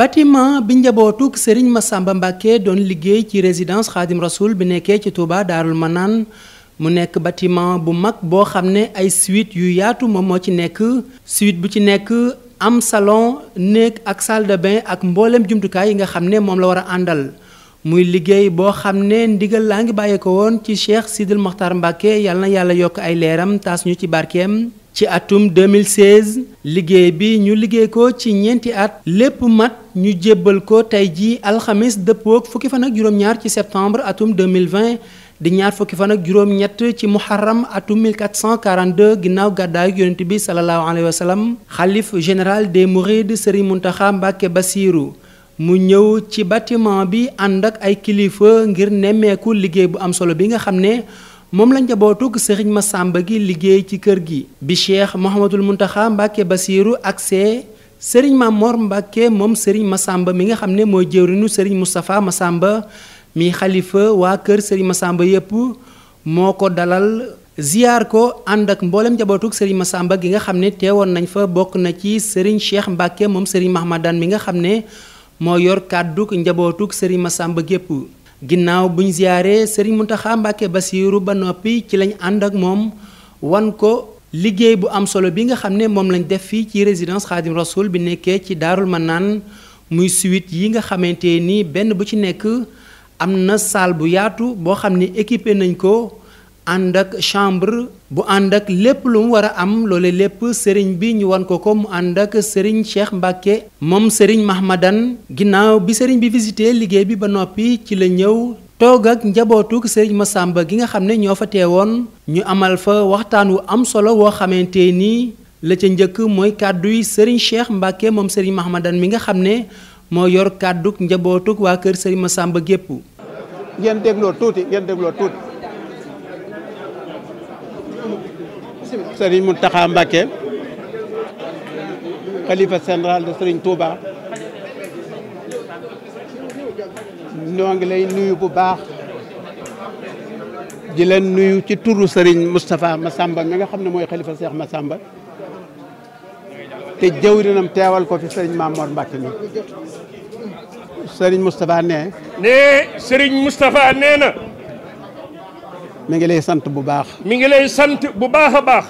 bâtiment bi njabootuk sëriñ Massamba Mbàkke doon liggéey ci résidence Xaadim Rasoul bi nekkee ci Touba Daarul naan mu nekk batiment bu mag boo xam ne ay suite yu yaatu moom moo ci nekk suite bu ci nekk am salon néeg ak salle de ak mboolem jumtukaay yi nga xam ne moom la war a àndal muy liggéey boo xam ne ndigal laa ngi bàyyeeko woon ci Cheikh Sidil Mokhtar Mbàkke yàlla na yàlla yokk ay leeram taas ñu ci barkeem ci atum 2016 liggéey bi ñu liggéey ko ci ñeenti at lépp mat ñu jébbal ko tey ji alxamis dëppook fukki fan ak juróom-ñaar ci septembre atum 2020 di ñaar fukki fan ak juróom-ñett ci muharram atum 1442 ginnaaw gàddaayu yonent bi salallaahu alayhi wa sallam xalif général des mourides sëriñ Muntaxa Mbàkke Basiiru mu ñëw ci batiment bi ànd ak ay kilifa ngir nemmeeku liggéey bu am solo bi nga xam ne moom la njabootug sëriñ Masamba gi liggéey ci kër gi bi cheikh Mouhamadul Muntaxa Mbàkke Basiiru ak see sëriñ Mamor Mbàkke moom sëriñ Masamba mi nga xam ne mooy jëwriñu sëriñ Moustapha Masamba mi xalifa waa kër sëriñ Masamba yépp moo ko dalal ziyaar ko ànd ak mboolem njabootug sëriñ Masamba gi nga xam ne teewoon nañ fa bokk na ci sëriñ Cheikh Mbàkke moom sëriñ Mahmadan mi nga xam ne moo yor kàddug njabootug sëriñ Masamba gépp ginnaaw bu ñu ziyaaree sëriñ Muntaxa Mbàkke Basiiru ba noppi ci lañ ànd ak moom wan ko liggéey bu am solo bi nga xam ne moom lañ def fii ci résidence Xaadim Rasul bi nekkee ci Daarul naan muy suite yi nga xamante nii benn bu ci nekk am na salle bu yaatu boo xam ne équipé nañ ko ànd ak chambre bu ànd ak lépp lu mu war a am loole lépp sëriñ bi ñu wan ko ko mu ànd ak sëriñ Cheikh Mbacke moom sëriñ Mahmadan ginnaaw bi sëriñ bi visité liggéey bi ba noppi ci la ñëw toog ak njabootuk sëriñ Massamba gi nga xam ne ñoo fa teewoon ñu amal fa waxtaan wu am solo woo xamante ni la ca njëkk mooy kàdduy sëriñ Cheikh Mbacke moom sëriñ Mahmadan mi nga xam ne moo yor kàdduk njabootuk waa kër sëriñ Massamba gépp ngeen dégloo dégloo Serigne Mountakha Mbacké xalifa général de Serigne Touba ñoo ngi lay nuyu bu baax ji leen nuyu ci turu Serigne Moustapha Massamba mi nga xam ne mooy xalifa Cheikh Massamba te jëwrinam teewal ko fi Serigne Mamor Mbacké mi Serigne Moustapha nee. nee Serigne Moustapha nee na. mi ngi lay sant bu baax. mi ngi lay sant bu baax baax.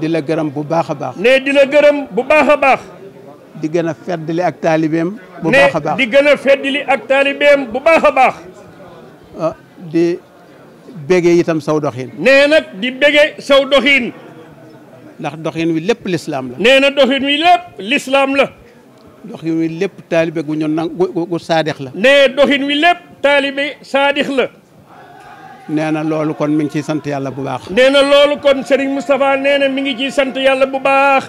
di la gërëm bu baax a baax. ne di la gërëm bu baax a baax. di gën a feddali ak taalibeem. bu baax a baax di gën a feddali ak taalibeem bu baax a baax. Ah, di saw doxin. nee nag di bége saw doxin. ndax doxin wi lépp lislaam la. na doxin wi lépp lislaam la. doxin wi lépp taalibe gu ñu nang gu saadix la. nee doxin wi lépp taalibe saadix la. nee na loolu kon mi ngi ciy sant yàlla bu baax. nee na loolu kon Serigne Moustapha nee na mi ngi ciy sant yàlla bu baax.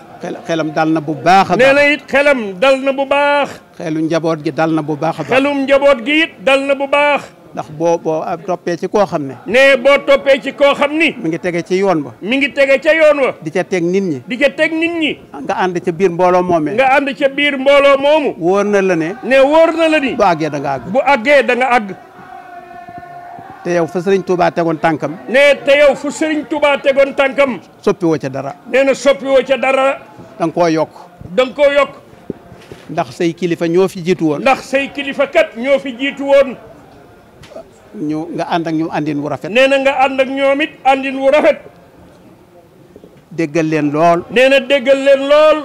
xelam dal na bu baax a baax. na it xelam dal na bu baax. xelu njaboot gi dal na bu baax a baax. xelum njaboot gi it dal na bu baax. ndax boo boo toppee ci koo xam ne. nee boo toppee ci koo xam ni. mi ngi tege ci yoon wa mi ngi tege ca yoon wa. di ca teg nit ñi. di ca teg nit ñi. nga ànd ca biir mbooloo moomee. nga ànd ca biir mbooloo moomu. wóor na la ne. nee wóor na la ni. bu àggee da àgg. bu àggee da nga àgg. te yow fa sëriñ Touba tegoon tànkam. ne te yow fu sëriñ Touba tegoon tànkam. soppiwoo ca dara. nee na soppiwoo ca dara. dang koo yokk. da koo yokk. ndax say kilifa ñoo fi jiitu woon. ndax say kilifa kat ñoo fi jiitu woon. ñu nga ànd ak ñu àndin wu rafet. nee na nga ànd ak ñoom it àndin wu rafet. déggal leen lool. nee na déggal leen lool.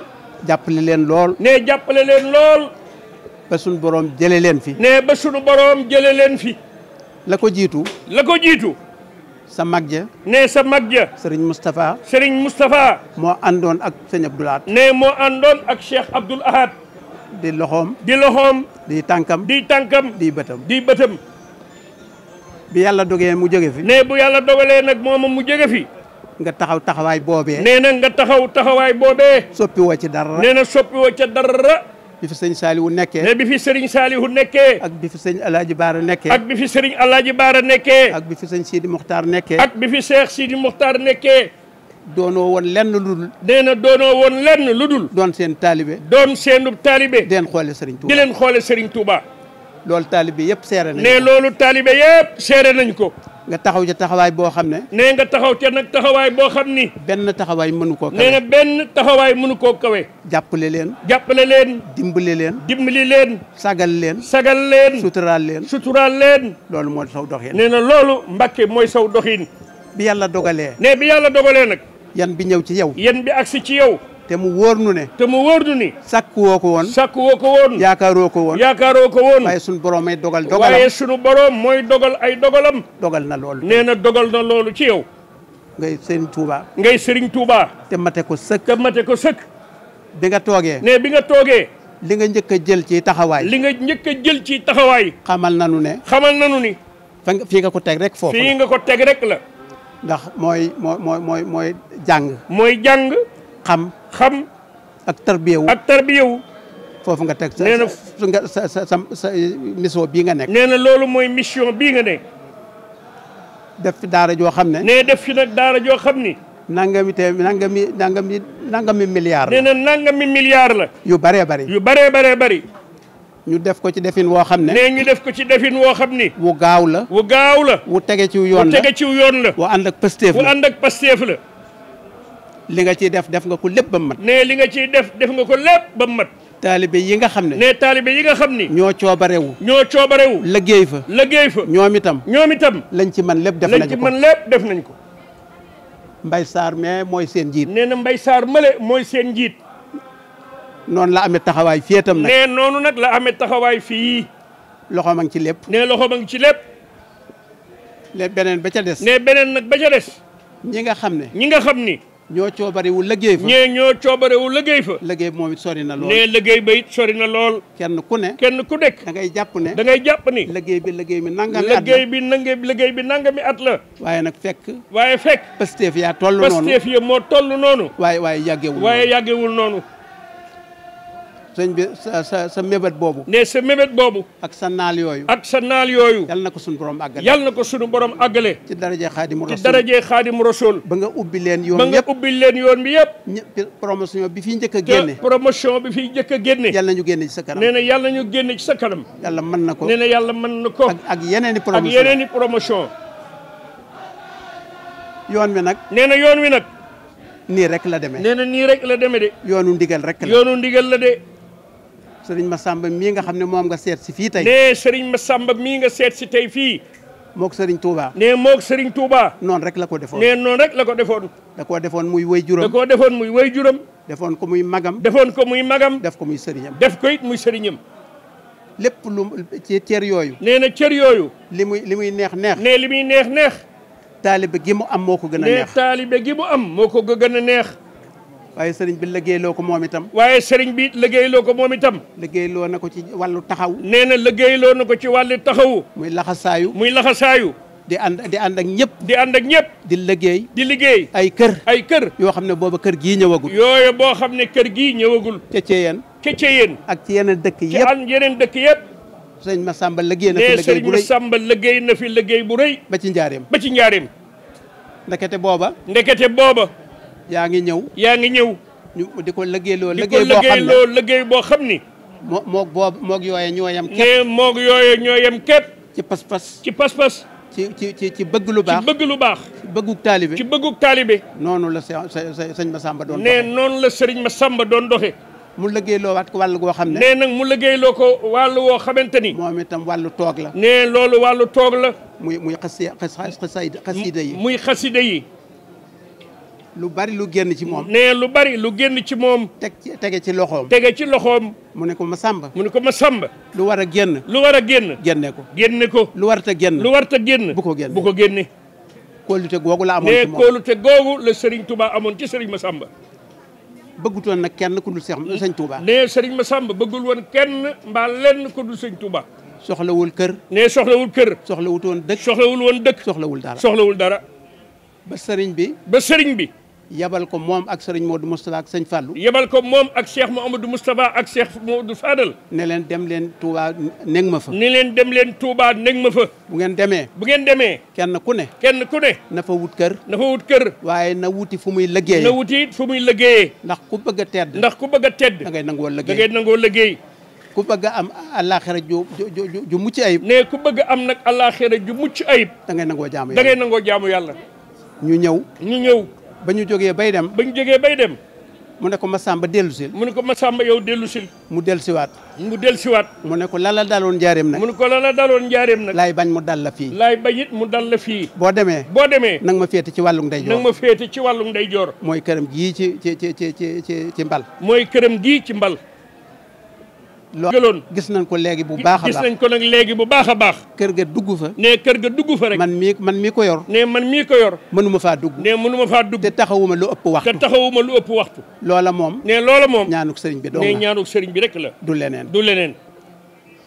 jàppale leen lool. nee jàppale leen lool. ba sunu borom jëlee leen fi. nee ba sunu borom jëlee leen fi. la ko jiitu. la ko jiitu. sa mag ja. nee sa mag ja. Serigne Moustapha. Serigne Moustapha. moo àndoon ak sëñ Abdoul Ahad. nee moo àndoon ak Cheikh Abdoul Ahad. di loxoom. di loxoom. di tànkam. di tànkam. di bëtam. di bëtam. bi yàlla dogee mu jóge fi. nee bu yàlla dogalee nag moom mu jóge fi. nga taxaw taxawaay boobee. nee na nga taxaw taxawaay boobee. soppiwoo ci dara. nee na soppiwoo dara. bi fi sëñ Saliou nekkee ne bi fi sëriñ Saliou nekkee ak bi fi sëñ Alaaji Baara nekkee ak bi fi sëriñ Alaaji Baara nekkee ak bi fi sëñ Sidi Muxtaar nekkee ak bi fi Cheikh Sidi Muxtaar nekkee doonoo woon lenn lu dul nee na doonoo lenn lu dul doon seen taalibe doon seen taalibe di leen xoole sëriñ Touba di leen xoole sëriñ Touba loolu taalibe yëpp seere nañ loolu taalibe yëpp seere nañ ko nga taxaw ca taxawaay boo xam ne nee nga taxaw ca nag taxawaay boo xam ni benn taxawaay mënu koo kawe nee na benn taxawaay mënu koo kawe jàppale leen jàppale leen dimbale leen dimbali leen sagal leen sagal leen suturaal leen suturaal leen loolu moo saw doxin nee na loolu Mbàkke mooy saw doxiin bi yàlla dogalee nee bi yàlla dogalee nag yan bi ñëw ci yow yan bi ak agsi ci yow te mu wóor nu ne. te mu wóor nu ni. sakku woo ko woon. sakku woo ko woon. yaakaaroo ko woon. yaakaaroo ko woon. waaye sunu borom dogal dogalam. waaye sunu mooy dogal ay dogalam. dogal na lool nee na dogal na loolu ci yow. ngay Serigne Touba. ngay Serigne Touba. te mate ko sëkk. te mate ko sëkk. bi nga toogee. ne bi nga toogee. li nga njëkk a jël ci taxawaay. li nga njëkk a jël ci taxawaay. xamal nanu ne. xamal nanu ni. fii nga ko teg rek foofu fii nga ko teg rek la. ndax mooy mooy mooy mooy jàng. mooy jàng. xam. xam. ak tarbiya wu ak tarbiya wu. foofu nga teg sa sa sa sa mission bii nga nekk. nee na loolu mooy mission bii nga nekk. def fi daara joo xam ne. nee def fi nag daara joo xam ni. nangami te nangami nangami nangami milliard la. nee na nangami milliard la. yu bëree bëri. yu bëree bëree bëri. ñu def ko ci defin woo xam ne. nee ñu def ko ci defin woo xam ni. wu gaaw la. wu gaaw la. wu tege ci yoon la wu tege yoon la. wu ànd ak pasteef ak pasteef la. li nga ciy def def nga ko lépp ba mu mat ne li nga ciy def def nga ko lépp ba mu mat taalibe yi nga xam ne ne taalibe yi nga xam ni ñoo coobarewu ñoo coobarewu liggéey fa lëggéey fa ñoom itam ñoom itam lañ ci man lépp def nañ ko lañ ci def nañ ko Mbay Saar mais mooy seen njiit nee na Mbay Saar male mooy seen njiit noonu la amee taxawaay fii itam nag nee nag la amee taxawaay fii loxo ma ngi ci lépp ne loxo ma ci lépp beneen ba ca des ne beneen nag ba ca des ñi nga xam ne ñi nga xam ni ñoo coobarewu liggéey fa ñee ñoo coobarewu liggéey fa liggéey bi moom it sori na lool nee liggéey ba it sori na lool kenn ku ne kenn ku nekk da ngay jàpp ne da ngay jàpp ni liggéey bi liggéey bi nangami at liggéey bi nanga liggéey bi at la waaye nag fekk waaye fekk Pastef yaa toll noonu Pastef ya moo toll noonu waaye waaye yàggewul waaye yàggewul noonu sëñ bi sa sa sa mébét boobu. ne sa mébét boobu. ak sa naal yooyu. ak sa naal yooyu. yal na ko sunu borom àggale. yal na ko sunu borom àggale. ci darajee xaadimu rasul ci darajee xaadimu rasul. ba nga ubbi leen yoon yëpp ba leen yoon bi yëpp. promotion bi fi njëkk a génne. promotion bi fi njëkk a génne. yal na ñu génne ci sa kanam nee na yal na ñu sa kanam. yàlla mën na ko nee na yàlla mën na ko. ak yeneen i promotion yeneen i promotion. yoon wi nag. nee na yoon wi nag. nii rek la demee. nee na nii rek la demee de. yoonu ndigal rek la de. sëriñ Massamba mii nga xam ne moom nga seet si fii tey. nee sëriñ Massamba mii nga seet si tey fii. moog sëriñ Touba. nee moog sëriñ Touba. noonu rek la ko defoon nee noonu rek la ko defoon. da defoon muy way juram da koo defoon muy way juram. defoon ko muy magam. defoon ko muy magam. def ko muy sëriñam. def ko it muy sëriñam. lépp lu ci cër yooyu. nee na cër yooyu. li muy li muy neex neex. nee li muy neex neex. taalibe gi mu am moo ko gën a neex. nee taalibe gi mu am moo gën a neex. waaye sëriñ bi liggéeyloo ko moom itam waaye sëriñ bi liggéeyloo ko moom itam liggéeyloo na ko ci wàllu taxaw nee na liggéeyloo na ko ci wàllu taxawu muy laxasaayu muy laxasaayu di ànd di ànd ak ñëpp di ànd ak ñëpp di liggéey di liggéey ay kër ay kër yoo xam ne booba kër gii ñëwagul yooyu boo xam ne kër gii ñëwagul ca Ceyeen ca Ceyeen ak ci yeneen dëkk yëpp ci yeneen dëkk yëpp sëriñ Massamba liggéey na fi liggéey bu rëy Massamba liggéey na fi liggéey bu rëy ba ci njaareem ba ci njaareem ndekete booba ndekete booba yaa ngi ñëw yaa ngi ñëw di ko liggéeyloo liggéey boo xam ne liggéey boo xam ni moo moog boo moog yooye ñoo yem képp moog yooye ñoo yem képp ci pas-pas ci pas-pas ci ci ci ci bëgg lu baax ci bëgg lu baax ci bëggug taalibe ci bëggug taalibe noonu la sa sëñ Massamba doon doxee ne noonu la sëriñ Massamba doon doxee mu liggéeyloo waat ko wàll goo xam ne nee nag mu liggéeyloo ko wàll woo xamante ni moom itam wàllu toog la ne loolu wàllu toog la muy muy xasi xas xasida yi muy xasida yi lu bari lu génn ci moom. nee lu bari lu génn ci moom. teg ci tege ci loxoom. tege ci loxoom. mu ne ko ma samba mu ne ko ma sàmba. lu war a génn. lu war a génn. génne ko génne ko. lu warta génn. lu warta génn. bu ko génne bu ko génne. kóolute googu la amoon ci moom nee kóolute googu la Serigne Touba amoon ci Serigne Massamba. bëggutoon nag kenn ku dul Sëñ Touba. ma samba Massamba bëggul woon kenn mbaa lenn ku dul Sëñ Touba. soxlawul kër. nee soxlawul kër. soxlawut woon dëkk. soxlawul woon dëkk. soxlawul dara soxlawul dara. ba Serigne bi. ba Serigne bi. yabal ko moom ak sëriñ Modou Moustapha ak sëñ Fallou. yabal ko moom ak cheikh Mouhamadou Moustapha ak cheikh Modou Fadal. ne leen dem leen Touba ma fa. ne leen dem leen Touba nekk ma fa. bu ngeen demee. bu ngeen demee. kenn ku ne. kenn ku ne. na fa wut kër. na wut kër. waaye na wuti fu muy liggéeyee. na wuti fu muy liggéeyee. ndax ku bëgg a tedd. ndax ku bëgg a tedd. da ngay nangoo liggéey da ngay nangoo liggéey. ku bëgg a am àllaaxira ju ju ju mucc ayib. ne ku bëgg am nag àllaaxira ju mucc ayib. da ngay nangoo jaamu yàlla da ngay nangoo jaamu yàlla. ñu ñëw ñu ñëw ba ñu jógee bay dem ba ñu jógee bay dem mu ne ko ma dellu sil mu ne ko Massamba yow dellu sil mu del siwaat mu del siwaat mu ne ko lala daloon njaareem nag mu ne ko lala daloon njaareem nag laay bañ mu dal la fii lay bañ it mu dal la fii boo demee boo demee nang ma féete ci wàllum ndeyjoor nang ma féete ci wàllum ndeyjoor mooy këram gii ci ci ci ci ci ci ci mbal mooy këram gii ci mbal loolu gis nañ ko léegi bu baax a baax nañ ko nag léegi bu baax a baax kër ga dugg fa nee kër ga dugg fa rek man mii man mii ko yor ne man mii ko yor mënuma faa dugg ne mënuma faa dugg te taxawuma lu ëpp waxtu te taxawuma lu ëpp waxtu loola moom ne loola moom ñaanuk sëriñ bi dong ne ñaanuk sëriñ bi rek la du leneen du leneen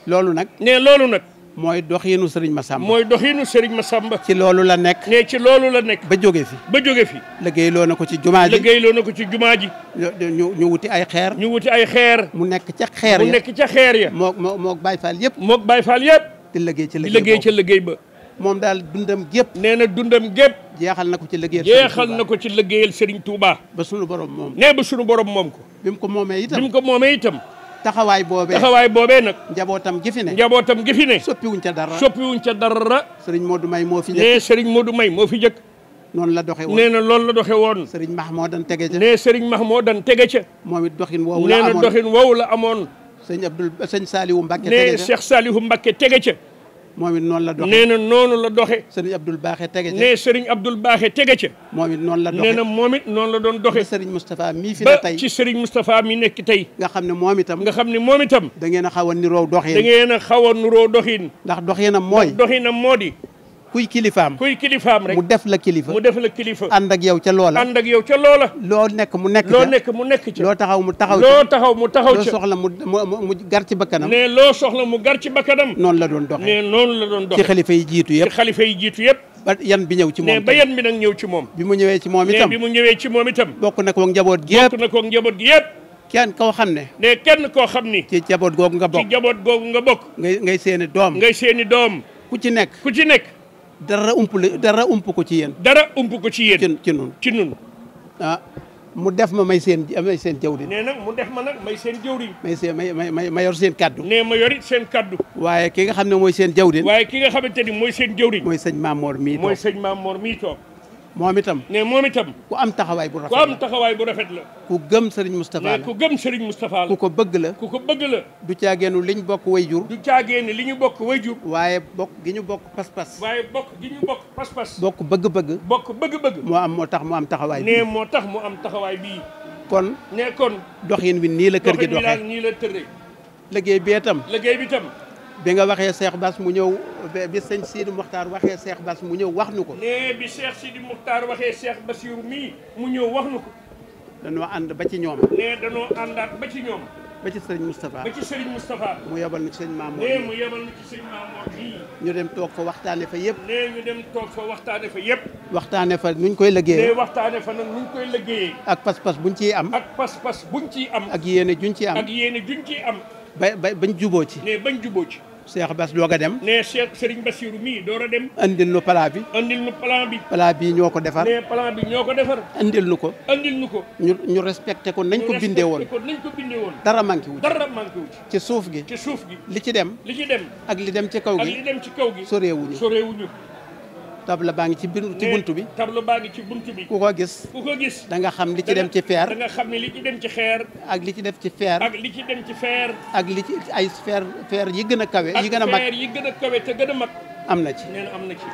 loolu nag ne loolu nag mooy doxiinu sëriñ Massamba mooy doxiinu sëriñ Massamba ci loolu la nekk ne ci loolu la nekk ba jóge fi ba joge fi liggéey loo ko ci jumaa ji liggéey loo na ko ci jumaa ji ñu ñu wuti ay xeer ñu wuti ay xeer mu nekk ca xeer ya ca xeer ya moo moo mook Baay Faal yëpp mook Baay Faal yëpp di liggéey ci liggéey ca liggéey ba moom daal dundam gépp nee na dundam gépp jeexal na ko ci liggéeyal jeexal na ko ci liggéeyal sëriñ Touba ba sunu borom moom nee ba sunu borom moom ko bi mu ko moomee itam ko moomee itam taxawaay boobee taxawaay boobee nag. njabootam gi fi ne. njabootam gi fi ne. soppiwuñ ca dara soppiwuñ ca dara. Serigne Modou May moo fi njëkk nee Serigne Modou May moo fi njëkk. noonu la doxe woon nee na loolu la doxe woon. Serigne Mahmoudan tege ca. nee Serigne Mahmoudan tege ca. moom it doxin woowu la amoon nee la amoon. sëñ Abdoul sëñ Salihu Mbacke tege ca nee Cheikh Salihu Mbacke tege ca. moom it noonu la doxe nee na la doxe sëriñ Abdul Baaxe tege ca nee sëriñ Abdul Baaxe tege ca moom it noonu la na moom it noonu la doon doxe sëriñ Moustapha mii fi na tey ba ci sëriñ Moustapha mi nekk tey nga xam ne moom itam nga xam ne moom itam da ngeen a xaw a niroo doxin da ngeen a xaw niroo doxin ndax doxinam mooy doxinam moo di kuy kilifaam kuy kilifaam rek mu def la kilifa mu def la kilifa ànd ak yow ca loola ànd ak yow ca loola loo nekk mu nekk loo nekk mu nekk ca loo taxaw mu taxaw loo taxaw mu taxaw ca loo soxla mu mu gar ci bakkanam ne loo soxla mu gar ci bakkanam noonu la doon doxe noonu la doon doxe ci xalifa yi jiitu yëpp xalifa yi jiitu yëpp ba yan bi ñëw ci moom ba yan bi nag ñëw ci moom bi mu ñëwee ci moom itam bi mu ñëwee ci moom itam bokk na ko njaboot gi yëpp bokk na ko njaboot gi kenn koo xam ne ne kenn koo xam ni ci jaboot googu nga bokk ci jaboot nga bokk ngay ngay seeni doom ngay seeni doom ku ci nekk ku ci nekk dara ump dara ump ko ci yéen. dara ump ko ci yéen. ci ci nun ah mu def ma may seen may seen jawriñ. nee nag mu def ma nag may seen jawriñ. may seen may may ma yor seen kaddu. nee ma yorit seen waaye ki nga xam ne mooy seen jawriñ. waaye ki nga xamante ni mooy seen jawriñ. mooy sëñ Mamor mii toog mooy sëñ Mamor mii toog. moom itam ne moom itam ku am taxawaay bu rafet ku taxawaay bu rafet la ku gëm Serigne Moustapha la ku gëm Serigne Moustapha la ku ko bëgg la ku ko bëgg la du caageenu ñu bokk way jur du caageenu li ñu bokk way jur waaye bokk gi ñu bokk pas-pas waaye bokk gi ñu bokk pas-pas bokk bëgg-bëgg bokk bëgg-bëgg moo am moo tax mu am taxawaay ne moo tax mu am taxawaay bii kon ne kon doxin wi nii la kër gi doxee nii la tëree liggéey bi tam liggéey bi itam bi nga waxee Cheikh Bass mu ñëw bi sëñ Sidi Mokhtar waxee Cheikh Bass mu ñëw wax nu ko. nee bi Cheikh Sidi Mokhtar waxee Cheikh Bassirou mii mu ñëw wax nu ko. danoo ànd ba ci ñoom. nee danoo àndaat ba ci ñoom. ba ci sëriñ Moustapha. ba ci sëriñ Moustapha. mu yebal na ci sëñ Mamour. nee mu mii. ñu dem toog fa waxtaane fa yëpp. nee ñu dem toog fa waxtaane fa yëpp. waxtaane fa nuñ koy liggéeyee. nee waxtaane fa nag nuñ koy liggéeyee. ak pas-pas buñ ciy am. ak pas-pas buñ ciy am. ak yéene juñ ciy am. ak yéene juñ ciy am. ba ba bañ juboo ci. nee bañ juboo ci. Cheikh Bass doog a dem. nee Cheikh Serigne Bassirou mii door a dem. andil nu plan bi. andil nu plan bi. plan ñoo ko defar. nee bi ñoo ko defar. andil nu ko. andil nu ko. ñu ñu respecté ko nañ ko bindee woon. ko nañ ko woon. dara manqué wu dara manqué wu ci suuf gi. ci suuf gi li ci dem. li ci dem. ak li dem ci kaw gi. ak li dem ci kaw gi. soreewuñu soreewuñu. tableau baa ngi ci biir ci eh, buntu bi tableau baa ngi ci buntu bi ku ko gis ku ko gis da nga xam li ci dem ci feer da nga xam ne li ci dem ci xeer ak li ci def ci feer ak li ci dem ci feer ak li ci ay feer feer yi gën a kawe yi gën a mag feer gën a kawe te gën a mag am na ci am na ci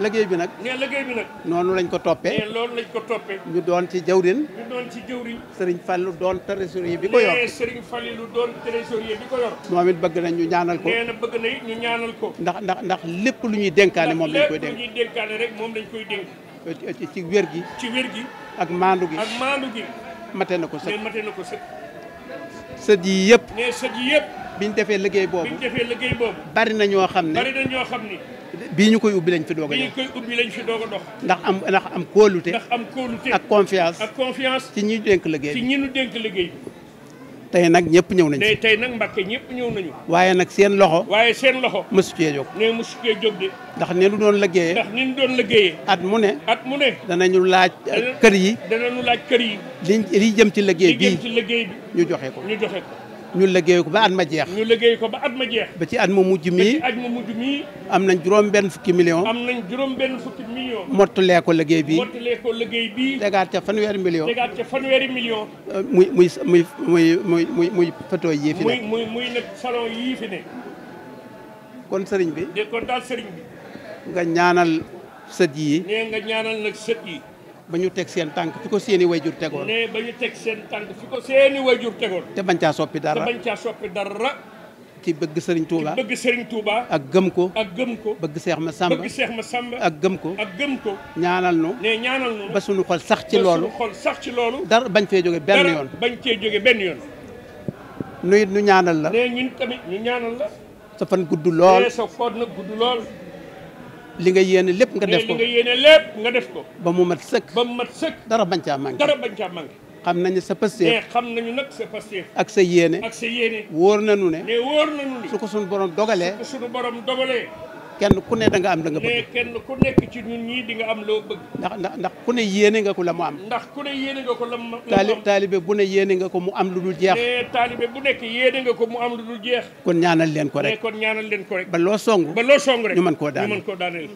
liggéey bi nag. ne liggéey bi nag. noonu lañ ko toppee. ne loolu lañ ko toppe ñu doon ci jawrin. ñu doon ci jawrin. Serigne Fallou doon trésorier bi ko yor. nee Serigne Fallou doon trésorier nañ ñu ñaanal ko. nee bëgg na it ko. ndax ndax ndax lépp lu ñuy dénkaane moom lañ koy dénk. moom lañ koy ci wér gi. ci wér gi. ak maandu gi na ko sëkk nee mate ko sëkk. sët yi yëpp. nee yëpp. biñ defee liggéey boobu na ñoo xam ne bari na ñoo xam ni bii ñu koy ubbi lañ fi doog a dox. fi doog dox. ndax am ndax am kóolute. am kóolute ak confiance. ak confiance ci ñi dénk liggéey bi ci ñi ñu dénk liggéey bi. tey nag ñëpp ñëw nañu. tey nag Mbàkke ñëpp ñëw nañu. waaye nag seen loxo. waaye seen loxo. mësu cee jóg. nee mësu cee jóg de. ndax nee nu doon liggéeyee. ndax doon liggéeyee. at mu ne. at mu ne. danañu laaj uh, kër yi. danañu laaj kër yi. li li jëm ci liggéey bi li liggéey bi. ñu joxe ko ñu joxe ko. ñu liggéey ko ba at ma jeex. ñu liggéey ko ba at ma jeex. ba ci at mu mujj mi ba ci mu mujj am nañ juróom benn fukki million. am nañ juróom benn fukki million. mottalee ko liggéey bi mottalee ko liggéey ca fanweeri million. tegaat ca fanweeri euh, muy muy muy muy muy muy photo yii fi ne. muy muy nag salon kon sëriñ bi. de kon sëriñ bi. nga ñaanal sët yi. nee nga yi. ba ñu teg seen tànk fi ko seeni wayjur tegoon. ba ñu teg seen tànk fi ko seeni wayjur tegoon. te bañ caa soppi dara te bañ caa soppi dara. ki bëgg Serigne Touba ki bëgg Serigne Touba. ak gëm ko ak gëm ko. bëgg Seex Masamba bëgg Seex Masamba ak gëm ko ak gëm ko. ñaanal nu ne ñaanal nu ba suñu xol sax ci loolu sax ci loolu. dara bañ fee jóge benn yoon bañ cee jóge benn yoon. nu ñaanal la. ne ñun la. sa gudd lool sa fan gudd lool. li nga yéene lépp nga def ko nga yéene lépp nga def ko. ba mu mat sëkk ba mu mat sëkk. dara bañ caa manqué dara bañ caa manqué. xam nañu sa Pastef mais xam nañu nag sa Pastef. ak sa yéene ak sa yéene. wóor nañu ne. mais wóor nañu su ko suñu borom dogalee. su ko suñu borom dogalee. kenn ku ne da nga am la nga bëgg. mais nekk ci ñun ñii di nga am loo bëgg. ndax ndax ndax ku ne yéene nga ko la mu am. ndax ku ne yéene nga ko la mu am. taalibe bu ne yéene nga ko mu am lu dul jeex. taalibe bu nekk yéene nga ko mu am lu dul jeex. kon ñaanal leen ko rek kon ñaanal leen ko rek. ba loo song. ba loo song rek ñu mën koo daaneel ñu mën koo daaneel.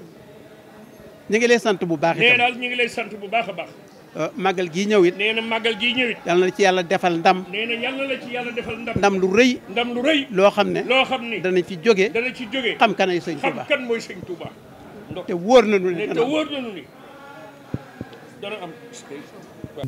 ñu ngi lay sant bu baax itam ñu ngi lay sant bu baax a baax. Euh, màggal gii ñëw màggal gii yal na ci yàlla defal ndam. la ci yàlla defal ndam. ndam lu rëy. loo xam ne. loo ci jóge xam kan ay sëñ Touba. te wóor na nu ne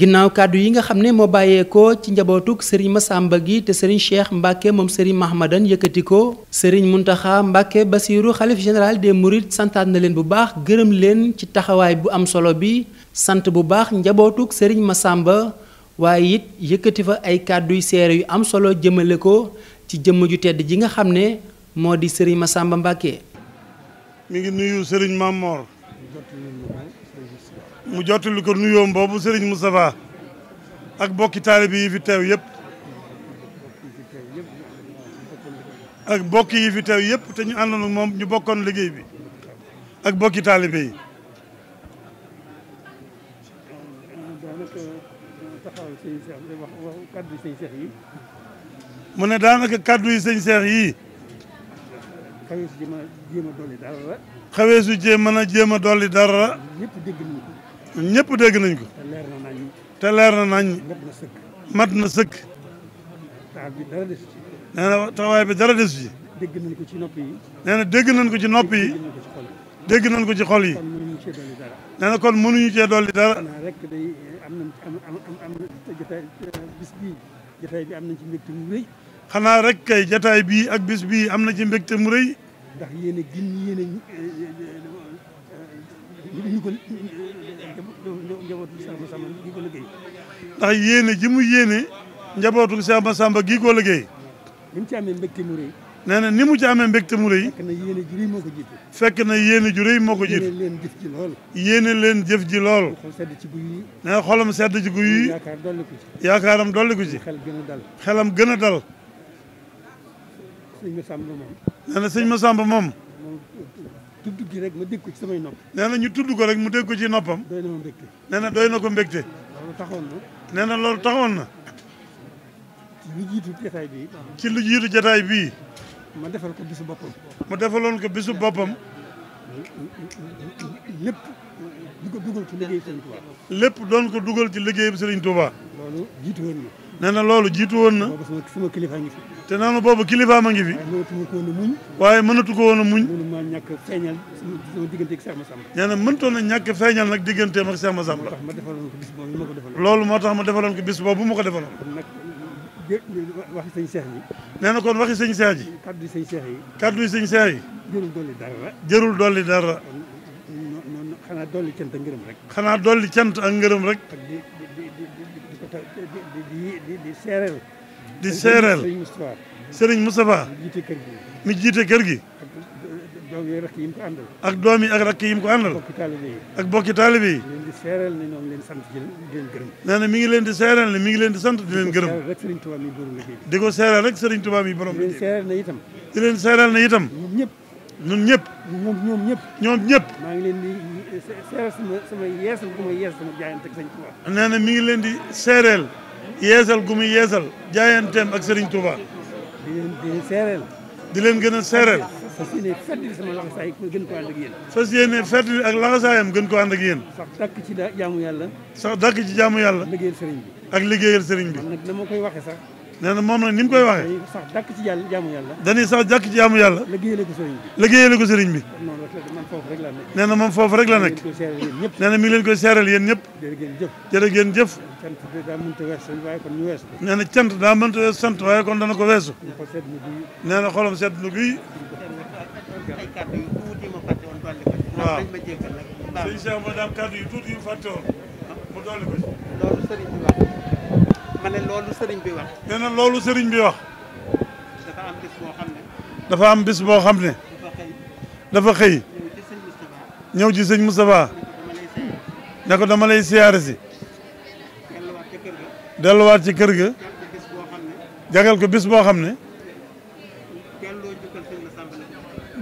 ginnaaw kàddu yi nga xam ne moo bàyyee bàyyeekoo ci njabootug sëriñ Massamba gi te sëriñ Cheikh Mbacke moom sëriñ Mahmadan yëkkati ko sëriñ Muntaxa Mbacke Basiiru xalif général des Mourides santaat na leen bu baax gërëm leen ci taxawaay bu am solo bi sant bu baax njabootug sëriñ Masamba waaye it yëkkati fa ay kàdduy seere yu am solo jëmale ko ci jëmm ju tedd ji nga xam ne moo di sëriñ Masamba Mbàkke mi ngi nuyu sëriñ Mamor mu jottali ko nuyoom boobu sëriñ Moustapha ak bokki taalibe yi fi teew yépp ak bokki yi fi teew yépp te ñu àndoon ak moom ñu bokkoon liggéey bi ak bokki taalibe yi kaddu sëñ mu ne daanaka kaddu yi sëñ Cheikh yi. xawee su jéem a jéem a dolli dara. xawee su a jéem dara. ñëpp dégg nañ ko. ñëpp dégg nañ ko. te leer na nañ. te leer na mat na sëkk. mat na dara des ci. nee dégg nañ ko ci nopp yi. dégg nañ ko ci xol yi. nee kon mënuñu cee dolli dara. am nañ am am euh, jotaay bi am nañ ci mbégte mu rëy. xanaa rek kay jataay bii ak bis bii am na ci mbégte mu rëy. ndax yéen a gin yéen a euh, euh, ñu ko njabootu Cheikh Massamba gii njabootu Cheikh Massamba gii ko liggéey. ni mu ci amee mbégte mu rëy. nee na ni mu ci amee mbégte mu rëy. fekk na yéene ju rëy moo ko jiitu. fekk na yéene ju rëy moo ko jiitu. yéene leen jëf ji lool. yéene leen jëf ji lool. nee na xolam sedd ci guy yi. yaakaar dolli ko ci. yaakaaram dolli ko ci. xel gën dal. xelam gën a dal. sëñ Massamba moom. na sëñ Massamba moom. tudd gi rek ma dégg ko ci samay na ñu tudd ko rek mu dégg ko noppam. doy na ma mbégte. na ko mbégte. loolu taxoon na. nee na loolu taxoon na. bii. ma defal ko bisu boppam. ma defaloon ko bisu boppam. lépp di ko dugal ci liggéey Serigne doon ko dugal ci liggéey Serigne Touba. loolu jiitu woon na. nee na loolu jiitu woon na. boobu sama kilifa ngi fi. te nee boobu kilifa ma ngi fi. waaye mënatu ko woon a muñ. a muñ. mënuma a feeñal a feeñal nag digganteem ak Cheikh Massamba. moo tax ma defaloon ko bis boobu ma ko defaloon. loolu moo tax ma defaloon ko bis boobu ma ko defaloon. waxi sëñ seex yi. nee na kon waxi sëñ seex yi. kaddu sëñ seex yi. kaddu sëñ seex yi. jërul dolli dara. jërul dolli dara. xanaa dolli cant ak ngërëm rek. xanaa dolli cant ak ngërëm rek. ak di di di di di di seereel. di seereel Serigne Moustapha. mi jiite kër gi. doom yi ak doom yi ak rakk yim mu ko àndal. bokki ak bokki taalibe yi. leen di seeral ñoo leen sant di leen gërëm. na mi ngi leen di seeral ne mi ngi leen di sant di leen gërëm. di ko seeral rek Serigne Touba mi borom liggéey bi. di leen seeral ne itam. ñun ñëpp. ñoom ñoom ñëpp. ñoom ñëpp. maa ngi leen di seeral sama sama yeesal gu muy yeesal sama jaayante ak mi ngi leen di seeral yeesal gu muy yeesal jaayanteem ak Serigne Touba. di leen di leen gën a seeral. fas yéene fàttali sama laxasaay gën ko ànd ak yéen. fas gën ko ànd ak sax dàkk ci jaamu yàlla. ak liggéeyal sëriñ bi. nag moom foofu rek nekk. nee na koy seeral yéen ñëpp. jërë ngeen jëf. nee cant daa mënta waaye kon dana ko weesu. nee na xolam sedd guy. ay kàddu yu tuuti loolu sëriñ bi wax loolu sëriñ bi wax. dafa am bis boo xam ne. dafa xëy. ñëw ci sëñ Moustapha. ne ko dama lay siyaare si. delluwaat ci kër ga. delluwaat ko bis boo xam ne.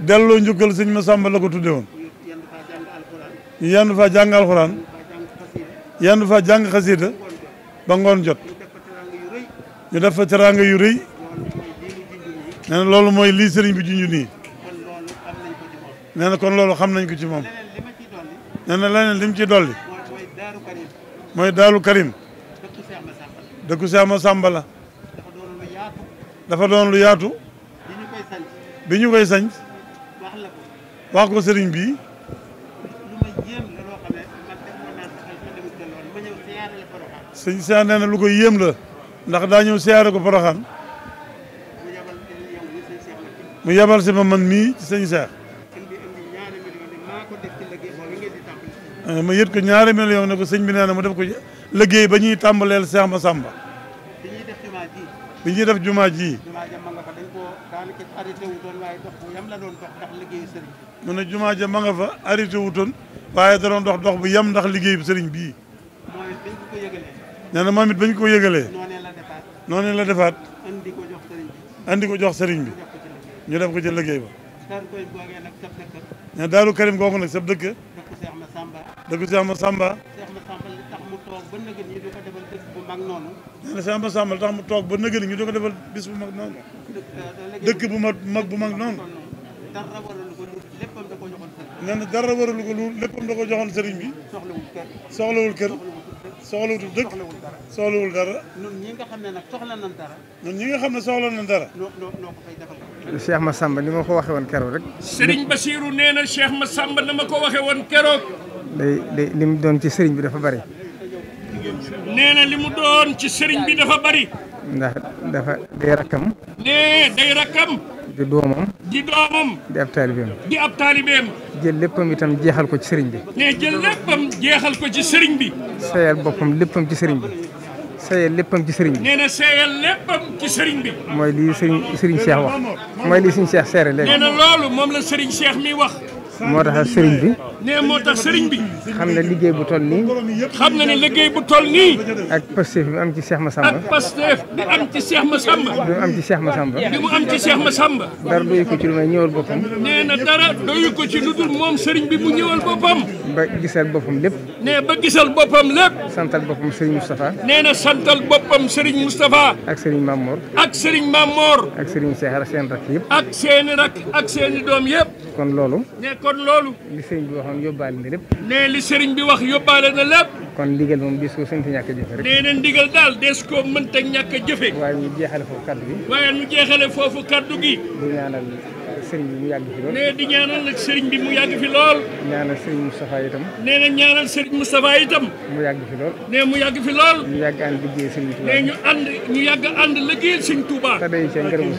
delloo njukkal sëñ Masamba la ko tudde woon ñu yendu fa jàng alxuraan yendu fa jàng xasiida ba ngoon jot ñu def fa teraanga yu rëy nee loolu mooy lii sëriñ bi junj nii nee na kon loolu xam nañ ko ci moom nee na leneen li mu ci dolli mooy daalu Karim dëkku Seex Masamba la dafa doon lu yaatu bi ñu koy sañ wax ko sëriñ bi sëñ Cheikh nee na lu ko yéem la ndax daa ñëw siyaare ko Porokhane mu yebal si ma man mii ci sëñ Cheikh eh, ma yët ko ñaari million ne ko sëñ bi nee na mu def ko liggéey ba ñuy tàmbaleel seex ma sàmba bi ñuy def jumaa ji mu ne jumaa ja ma nga fa arrêté wutoon waaye da dox dox bu yem ndax liggéey bi sëriñ bii. nee na moom it bañ ko yëgalee. noonu la defaat. indi ko jox sëriñ bi. andi ñu def ko ci liggéey ba. ne Daaru Karim googu nag sab dëkk. dëkk Seex Ma Samba. nee na Seex Ma bu mag noonu. dëkk bu mag bu mag noonu. nee na dara waralu ko lu léppam da ko joxoon sëriñ bi. soxlawul kër soxlawul nga xam ne nag soxla nañ dara. ñun ñi xam ne soxla nañ dara. noo noo noo ni ma ko waxee woon keroog rek. Serigne Bassirou nee na Cheikh Massamba na ma ko waxee woon keroog. day day li ci sëriñ bi dafa bari. nee day rakkam. di doomam. di doomam. di ab taalibeem. di ab taalibeem. jël léppam itam jeexal ko ci sëriñ bi. ne jël léppam jeexal ko ci sëriñ bi. sayal boppam léppam ci sëriñ bi. sayal léppam ci sëriñ bi. nee na sayal léppam ci sëriñ bi. mooy lii sëriñ sëriñ Cheikh wax moom la sëriñ Cheikh mi wax. moo tax sëriñ bi. nee moo tax sëriñ bi. xam na liggéey bu toll nii. xam na ne liggéey bu toll nii. ak Pastef bi am ci Cheikh Massamba. ak Pastef bi am ci Cheikh Massamba. bi mu am ci Cheikh Massamba. bi mu am ci Cheikh Massamba. dara doyu ko ci lu may ñëwal boppam. nee na dara doyu ko ci lu dul moom sëriñ bi mu ñëwal boppam. ba gisal boppam lépp. nee ba gisal boppam lépp. santal boppam sëriñ Moustapha. nee na santal boppam sëriñ Moustapha. ak sëriñ Mamor. ak sëriñ Mamor. ak sëriñ Cheikh ak seen rakk yëpp. ak seen i rakk ak seen i doom yëpp. kon loolu. ne kon loolu. li sëriñ bi waxoon yóbbaale na lépp. ne li sëriñ bi wax yóbbaale na lépp. kon ndigal moom des ko sant ñàkk a jëfe rek. nee na daal des ko mënta ñàkk a jëfe. waaye ñu jeexale foofu kaddu gi. waaye ñu jeexale foofu kaddu gi. di nee di ñaanal sëriñ bi mu yàgg fi lool. ñaanal sëriñ Moustapha itam. nee ñaanal sëriñ Moustapha itam. nee ñu ànd ñu yàgg ànd liggéeyal sëriñ Touba. te daje cee ngërëmu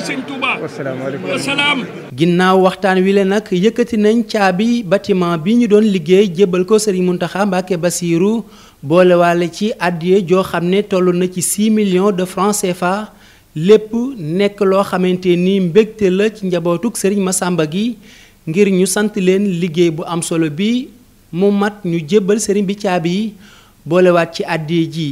sëriñ Touba. te ginnaaw waxtaan wi le nag yëkkati nañ caabi bâtiment bi ñu doon liggéey jébbal ko sëriñ Mountakha Mbacké Bassirou boolewaale ci addiye joo xam ne toll na ci 6 millions de francs CFA lépp nekk loo xamante ni mbégte la ci njabootug sëriñ sàmba gi ngir ñu sant leen liggéey bu am solo bi mu mat ñu jébbal sëriñ bi caabi yi boolewaat ci àddee ji